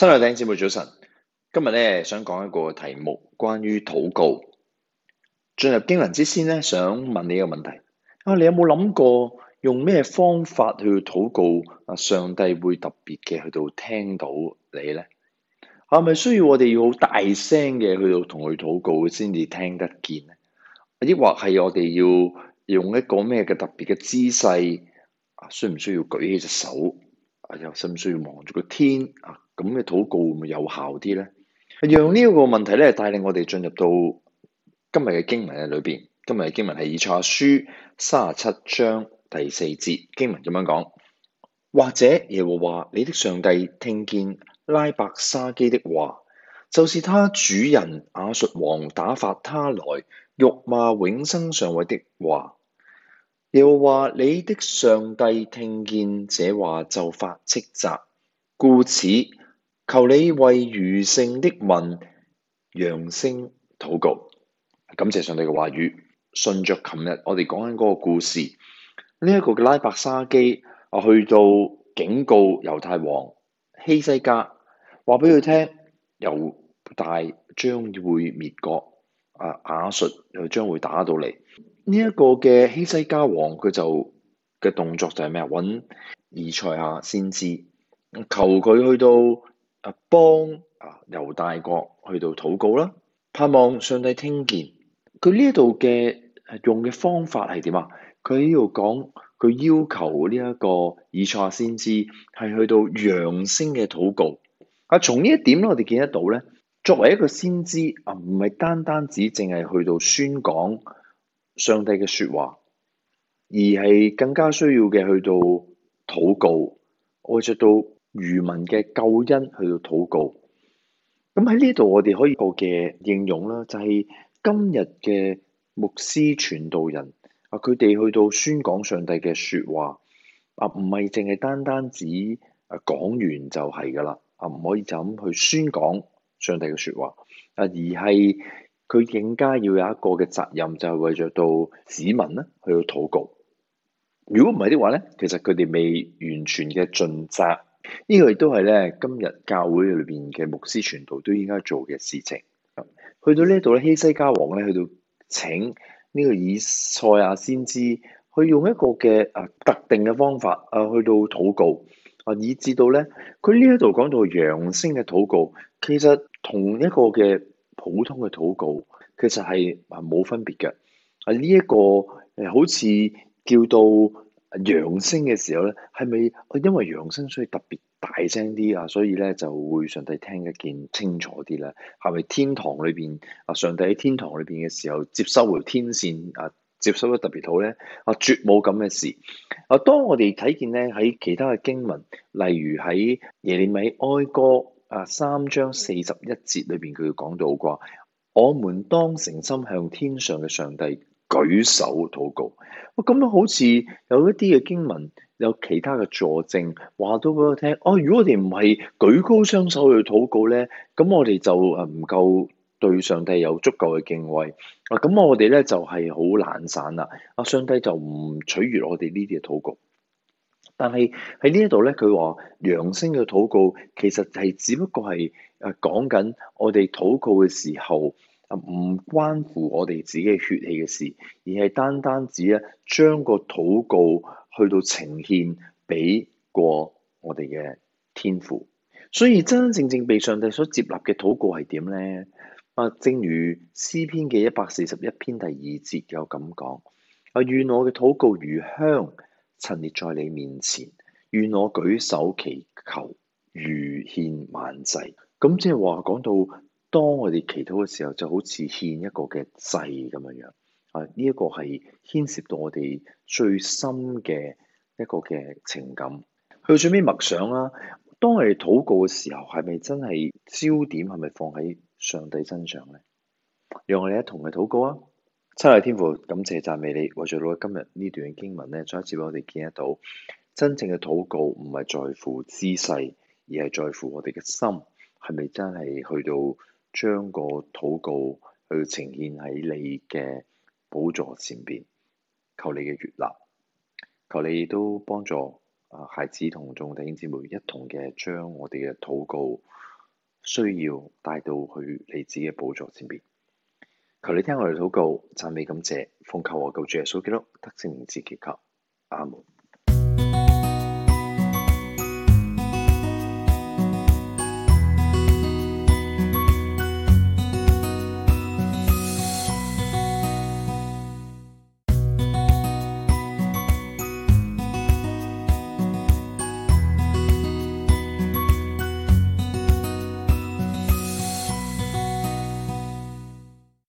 親愛弟兄姊妹早晨，今日咧想講一個題目，關於禱告。進入經綸之先咧，想問你一個問題：啊，你有冇諗過用咩方法去禱告？啊，上帝會特別嘅去到聽到你咧？啊，係咪需要我哋要好大聲嘅去到同佢禱告先至聽得見咧？抑或係我哋要用一個咩嘅特別嘅姿勢？啊，需唔需要舉起隻手？啊，又需唔需要望住個天？啊？咁嘅禱告會唔會有效啲咧？讓呢一個問題咧，帶領我哋進入到今日嘅經文啊裏邊。今日嘅經文係以賽亞書三十七章第四節經文咁樣講或者耶和華你的上帝聽見拉伯沙基的話，就是他主人亞述王打發他來辱罵永生上帝的話。耶和華你的上帝聽見這話就發斥責，故此。求你為餘剩的民揚聲禱告，感謝上帝嘅話語。順着琴日我哋講緊嗰個故事，呢、這、一個嘅拉伯沙基啊，去到警告猶太王希西家話俾佢聽猶大將會滅國，啊亞述又將會打到嚟。呢、這、一個嘅希西家王佢就嘅動作就係咩啊？搵以賽亞先知，求佢去到。啊，幫啊猶大國去到禱告啦，盼望上帝聽見。佢呢度嘅用嘅方法係點啊？佢呢度講，佢要求呢一個以賽亞先知係去到揚聲嘅禱告啊！從呢一點我哋見得到咧，作為一個先知啊，唔係單單只淨係去到宣講上帝嘅說話，而係更加需要嘅去到禱告，我泣到。漁民嘅救恩去到禱告，咁喺呢度我哋可以個嘅應用啦，就係今日嘅牧師傳道人啊，佢哋去到宣講上帝嘅說話，啊，唔係淨係單單止講完就係噶啦啊，唔可以就咁去宣講上帝嘅說話，啊，而係佢更加要有一個嘅責任，就係為著到市民咧去到禱告。如果唔係的話，咧，其實佢哋未完全嘅盡責。個呢個亦都係咧今日教會裏邊嘅牧師傳道都應該做嘅事情。去到呢一度咧，希西家王咧去到請呢個以賽亞先知去用一個嘅啊特定嘅方法啊去到禱告啊，以至到咧佢呢一度講到揚聲嘅禱告，其實同一個嘅普通嘅禱告其實係啊冇分別嘅。啊呢一個誒好似叫到。揚聲嘅時候咧，係咪因為揚聲所以特別大聲啲啊？所以咧就會上帝聽得見清楚啲啦？係咪天堂裏邊啊？上帝喺天堂裏邊嘅時候接收回天線啊，接收得特別好咧？啊，絕冇咁嘅事啊！當我哋睇見咧喺其他嘅經文，例如喺耶利米哀歌啊三章四十一節裏邊，佢講到話，我們當誠心向天上嘅上帝，舉手禱告，哇、哦！咁樣好似有一啲嘅經文，有其他嘅助證話到俾我聽，哦！如果我哋唔係舉高雙手去禱告咧，咁我哋就誒唔夠對上帝有足夠嘅敬畏，啊！咁我哋咧就係好懶散啦，啊！上帝就唔取悅我哋呢啲嘅禱告。但係喺呢一度咧，佢話揚聲嘅禱告其實係只不過係誒講緊我哋禱告嘅時候。唔關乎我哋自己血氣嘅事，而係單單只啊將個禱告去到呈獻俾過我哋嘅天父。所以真真正正被上帝所接納嘅禱告係點呢？啊，正如詩篇嘅一百四十一篇第二節有咁講：啊，願我嘅禱告如香陳列在你面前，願我舉手祈求，如獻晚祭。咁即係話講到。當我哋祈禱嘅時候，就好似獻一個嘅祭咁樣樣，啊，呢、這、一個係牽涉到我哋最深嘅一個嘅情感。去最尾默想啦，當我哋禱告嘅時候，係咪真係焦點係咪放喺上帝身上咧？讓我哋一同去禱告啊！親愛天父，感謝讚美你。為咗攞今日呢段經文咧，再一次俾我哋見得到，真正嘅禱告唔係在乎姿勢，而係在乎我哋嘅心係咪真係去到，將個禱告去呈獻喺你嘅寶座前邊，求你嘅悅納，求你都幫助啊孩子同眾弟兄姊妹一同嘅將我哋嘅禱告需要帶到去你自己嘅寶座前邊，求你聽我哋禱告，讚美感謝，奉求我救主耶穌基督得勝名字祈求。